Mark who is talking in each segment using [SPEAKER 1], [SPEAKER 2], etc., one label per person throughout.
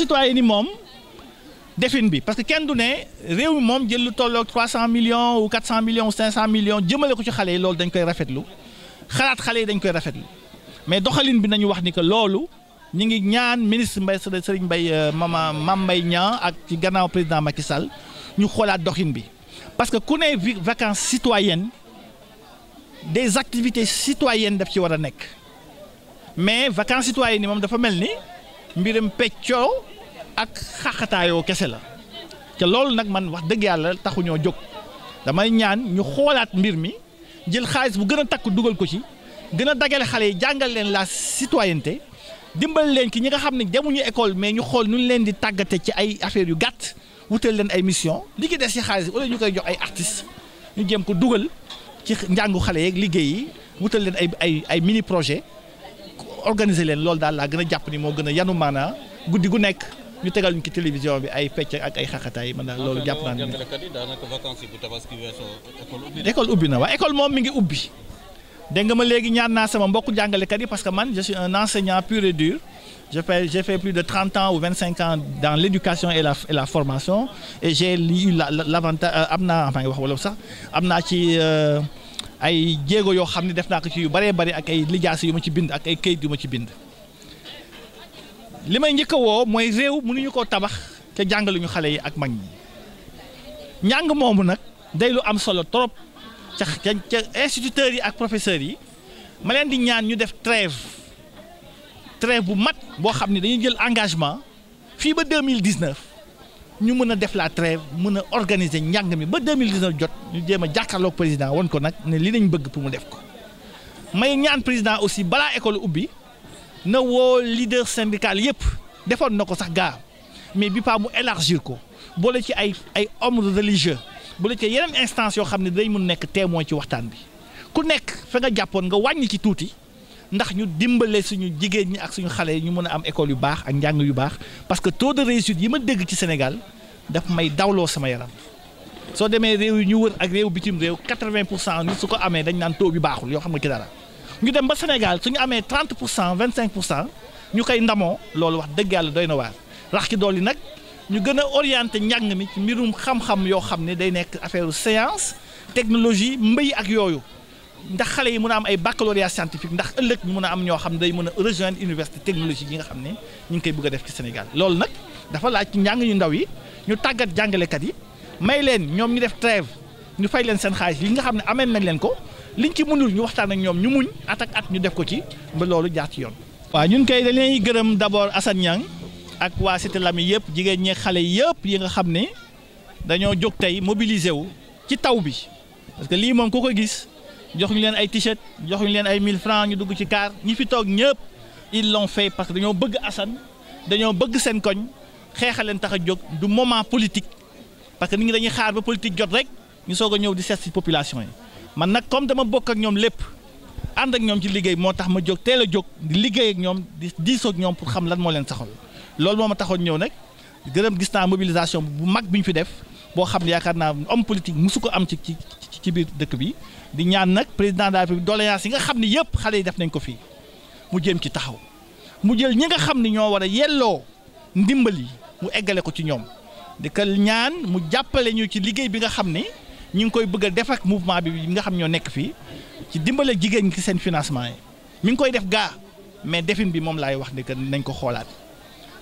[SPEAKER 1] citoyen yi moom defin bi parce que kenn du ne réew mi moom jël lu tolloog 300 millions ou 400 millions ou 500 millions jëmale ko ci xale yi loolu dañ koy rafetlu xalaat xale yi dañ koy rafetlu mais doxalin bi nañu wax ni que loolu ñu ngi ñaan ministre Mbaye Serigne Mbaye euh, mama Mame Mbaye Niang ak ci gannaaw président Macky Sall ñu xoolaat doxin bi parce que ku ne vacances citoyennes des activités citoyennes daf ci war a nekk mais vacances citoyennes yi moom dafa mel ni. mbiram peccoo ak xaqataayoo kese la te loolu nag man wax dëgg yàlla taxuñoo jóg damay ñaan ñu xoolaat mbir mi jël xaalis bu gën a takk dugal ko ci gën a dagale xale yi jàngal leen la citoyenneté dimbal leen ki ñi nga xam ne demuñu école mais ñu xool nuñ leen di tàggate ci ay affaire yu gàtt wutal leen ay mission li ki des ci xaalis wala ñu koy jox ay artistes ñu jéem ko dugal ci njàngu xale yeeg liggéey yi wutal leen ay ay ay mini projet organiser leen loolu daal laa gën a jàpp ni moo gën a yanu maanaa guddi gu nekk ñu tegal ñu ci télévision bi ay fecc ak ay xaxataay loolu jàpp naa ne école ubbi na waa école moom mi ngi ubbi dégg ma léegi ñaan naa sama mbokku jàngalekat yi parce que man je suis un enseignant pur et dur je fais j'ai fait plus de trente ans ou vingt cinq ans dans l'éducation et la et la formation et j'ai eu l'avantage euh, am naa maa ngi wax wala sax am naa ci euh, ay jéego yoo xam ne def naa ko ci yu baree bari ak ay lijaas yu ma ci bind ak ay kayit yu ma ci bind li may njëkk a woo mooy réew mënuñu ko tabax te jàngaluñu xale yi ak mag ñi njàng moomu nag day lu am solo trop ca ca instituteurs yi ak professeurs yi ma leen di ñaan ñu def trêve trêve bu mat boo xam ne dañu jël engagement fii ba deux mille dix-neuf ñu mën a def la trêve mën a organiser njàng mi ba 2019 jot ñu jéem a jàkkaarloog président won ko nag ne li lañ bëgg pour mu def ko may ñaan président aussi balaa école ubbi na woo leader syndical yëpp defoon na ko sax gaa mais bi pas mu élargir ko boole ci ay ay hommes religieux boole ci yeneen instance yoo xam ne dañ mun nekk témoin ci waxtaan bi ku nekk fa nga jàppoon nga wàññi ci tuuti ndax ñu dimbale suñu jigéen ñi ak suñu xale yi ñu mën a am école yu baax ak njàng yu baax parce que taux de réussite yi ma dégg ci Sénégal daf may dawloo sama yaram soo demee réew yi ñu wër ak réew bitim réew 80 pour cent nit su ko amee dañ naan taux bi baaxul yoo xam nga ci dara ñu dem ba Sénégal suñu amee pour cent 25 pour cent ñu kay ndamoo loolu wax dëgg yàlla doy na waar rax ci dolli nag ñu gën a orienté njàng mi ci mbirum xam-xam yoo xam ne day nekk affaire science technologie mbéy ak yooyu. ndax xale yi mun a am ay baccalauréat scientifique ndax ëllëg ñu mën a am ñoo xam ne day mën a rejoindre université technologie yi nga xam ne ñu ngi koy bëgg a def ci Sénégal loolu nag dafa laaj ci njàng yu ndaw yi ñu tàggat jàngalekat yi may leen ñoom ñu def trêve ñu fay leen seen xaalis yi nga xam ne ameen nañ leen ko liñ ci mënul ñu waxtaan ak ñoom ñu muñ ñu def ko ci ba loolu jaar ci yoon. waaw ñun kay dañ leen gërëm d'abord Assane Niang ak waa Cité Lamy yëpp jigéen ñi xale yëpp yi nga xam ne dañoo jóg tey mobiliser wu ci taw bi parce que lii ko gis jox ñu leen ay t-shirt jox ñu leen ay 1000 francs ñu dugg ci kaar ñi fi toog ñëpp ils l'ont fait parce que dañoo bëgg Assane dañoo bëgg seen koñ xeexal leen tax a jóg du moment politique parce que nit ñi dañuy xaar ba politique jot rek ñu soog a ñëw di seet si population yi man nag comme dama bokk ak ñoom lépp ànd ak ñoom ci liggéey moo tax ma jóg teel a jóg di liggéey ak ñoom di diisoo ak ñoom pour xam lan moo leen saxal loolu moo ma taxoon ñëw nag gërëm gis naa mobilisation bu mag bi ñu fi def boo xam yaakaar naa homme politique musu ko am ci ci. ci biir dëkk bi di ñaan nag président de la yi nga xam ni yëpp xale yi def nañ ko fii mu jéem ci taxaw mu jël ñi nga xam ni ñoo war a yelloo ndimbal yi mu eggale ko ci ñoom di ko ñaan mu jàppale ñu ci liggéey bi nga xam ne ñu ngi koy bëgg a def ak mouvement bi nga xam ñoo nekk fii ci dimbale jigéen ñi ci seen financement yi mi ngi koy def gaa mais defin bi moom laay wax ne nañ ko xoolaat.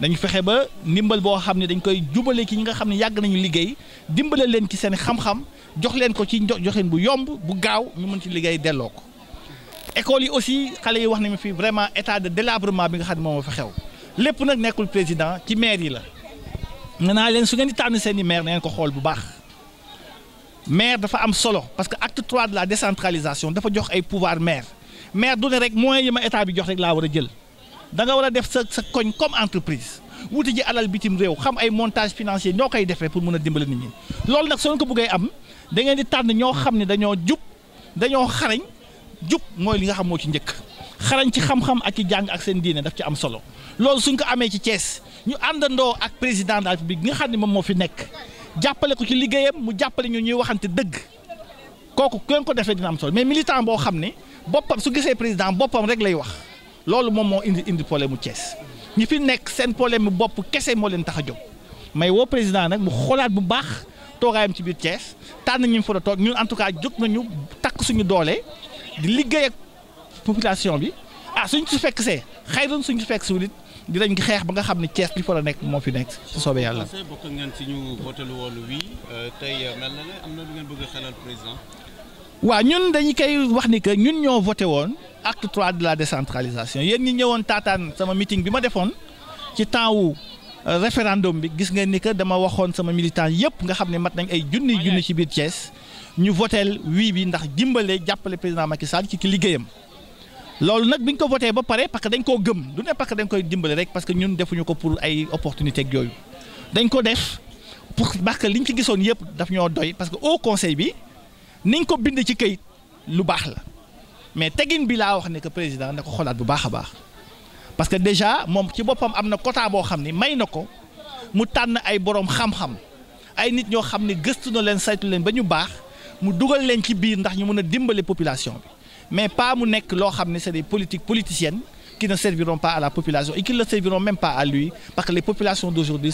[SPEAKER 1] dañu fexe ba ndimbal boo xam ne dañ koy jubale ki ñi nga xam ne yàgg nañu liggéey dimbale leen ci seen xam-xam jox leen ko ci joxin bu yomb bu gaaw ñu mën ci liggéey delloo ko ecole yi aussi xale yi wax nañu fi vraiment état de délabrement bi nga xam ne moom fa xew lépp nag nekkul président ci maire yi la nee naa leen su ngeen di tànn seen i maire na ngeen ko xool bu baax maire dafa am solo parce que acte trois de la décentralisation dafa jox ay pouvoir maire du ne rek moyens yi ma état bi jox rek laa war a jël. da nga war a def sa sa koñ comme entreprise wuti ji alal bitim réew xam ay montage financier ñoo koy defee pour mën a dimbali nit ñi loolu nag soo ko bëggee am da ngeen di tànn ñoo xam ne dañoo jub dañoo xarañ jub mooy li nga xam moo ci njëkk xarañ ci xam-xam ak ci jàng ak seen diine daf ci am solo loolu suñ ko amee ci cees ñu àndandoo ak président de la République bi nga xam ne moom moo fi nekk jàppale ko ci liggéeyam mu jàppale ñu ñuy waxante dëgg kooku kenn ko defee dina am solo mais militant boo xam ne boppam su gisee président boppam rek lay wax. loolu moom moo indi indi problème mu Thiès ñi fi nekk seen problème mu bopp kese moo leen tax a jóg mais woo président nag mu xoolaat bu baax toogaayam ci biir Thiès tànn ñu fa la toog ñu en tout cas jóg nañu takk suñu doolee di liggéey ak population bi ah suñ su fekk see xëy na suñ su fekk suul dinañ xeex ba nga xam ne Thiès li fa la nekk moo fi nekk su soobee yàlla. bokk ngeen si ñu lu woon wii tey mel na ne am ngeen bëgg a xelal président. waaw ñun dañu koy wax ni que ñun ñoo voté woon acte trois de la décentralisation yéen ñi ñëwoon taataan sama meeting bi ma defoon ci temps wu euh, référendum bi gis ngeen ni que dama waxoon sama militant yëpp nga xam ne mat nañ ay junni junni ci biir cees ñu voteel wii bi ndax dimbalee jàppale président Macky Sall ci ki liggéeyam loolu nag bi biñ ko voté ba pare parce que dañ koo gëm du ne parce que dañ koy dimbale rek parce que ñun defuñu ko pour ay opportunité yooyu dañ ko def pour parce que liñ ci gisoon yëpp daf ñoo doy parce que au conseil bi. niñ ko bind ci kayit lu baax la mais tegin bi laa wax ne que président ne ko xoolaat bu baax a baax parce que déjà moom ci boppam am na quota boo xam ne may na ko mu tànn ay borom xam-xam ay nit ñoo xam ne gëstu na leen saytu leen ba ñu baax mu dugal leen ci biir ndax ñu mën a dimbale population bi mais pas mu nekk loo xam ne c'est des politiques politiciennes ne serviront pas à la population et qui ne serviront même pas à lui parce que les populations d'aujourd'hui